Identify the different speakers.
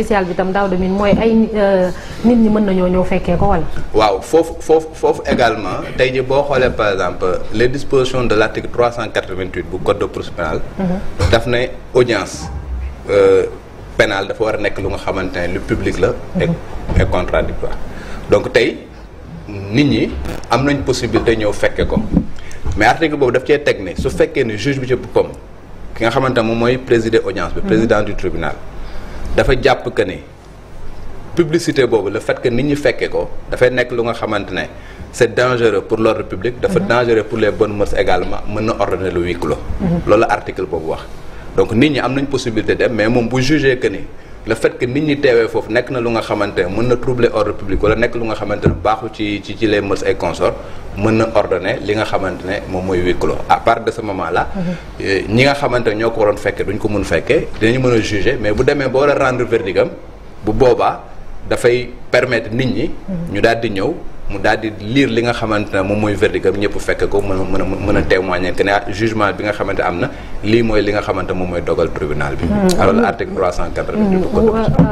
Speaker 1: spécial bi tam daaw de min mooy ay euh, nit ñi mën nañoo ñëw fekkee ko wala. waaw foofu foofu foofu également tey ji boo xoolee par exemple les dispositions de l' article 388 bu code de procédure pénale. Mhm. daf ne audience euh, pénale dafa war a nekk lu nga xamante ne lu public la. Mhm. et contradictoire donc tey nit ñi am nañ possibilité ñëw fekke ko mais article boobu daf cee teg ne su fekkee ne juge bi ci boppam ki nga xamante moom mooy présider audience bi. Mhm. président du tribunal. dafa jàpp que ni publicité boobu la fait que nit ñi fekkee ko dafay nekk lu nga xamante ne c'est dangereux pour l'ordre public dafa mhm. dangereux pour les bonnes mœurs également mën na ordonner le huis mhm. loolu article boobu wax donc nit ñi am nañ possibilité dem mais moom bu jugee que ni le fait que nit ñi teewee foofu nekk na lu nga xamante ne mën na troubler ordre public wala nekk lu nga xamante ne baaxu ci ci ci les mœurs et mën na ordonné li nga xamante ne moom mooy huis clos à part de ce moment là. Mhm. ñi nga xamante ne ñoo ko waroon fekkee duñ ko mun fekkee dinañu mën a juger mais bu demee ba war a rendre verdigam bu boobaa dafay permettre nit ñi. Mhm. ñu daal di ñëw. mu daal di lire li nga xamante ne moom mooy verdigam ñëpp fekk ko mën a mën a mën a témoigner que ne ah, jugement bi nga xamante am na lii mooy li nga xamante moom mooy dogal tribunal bi. Mhm. alors article 380 du code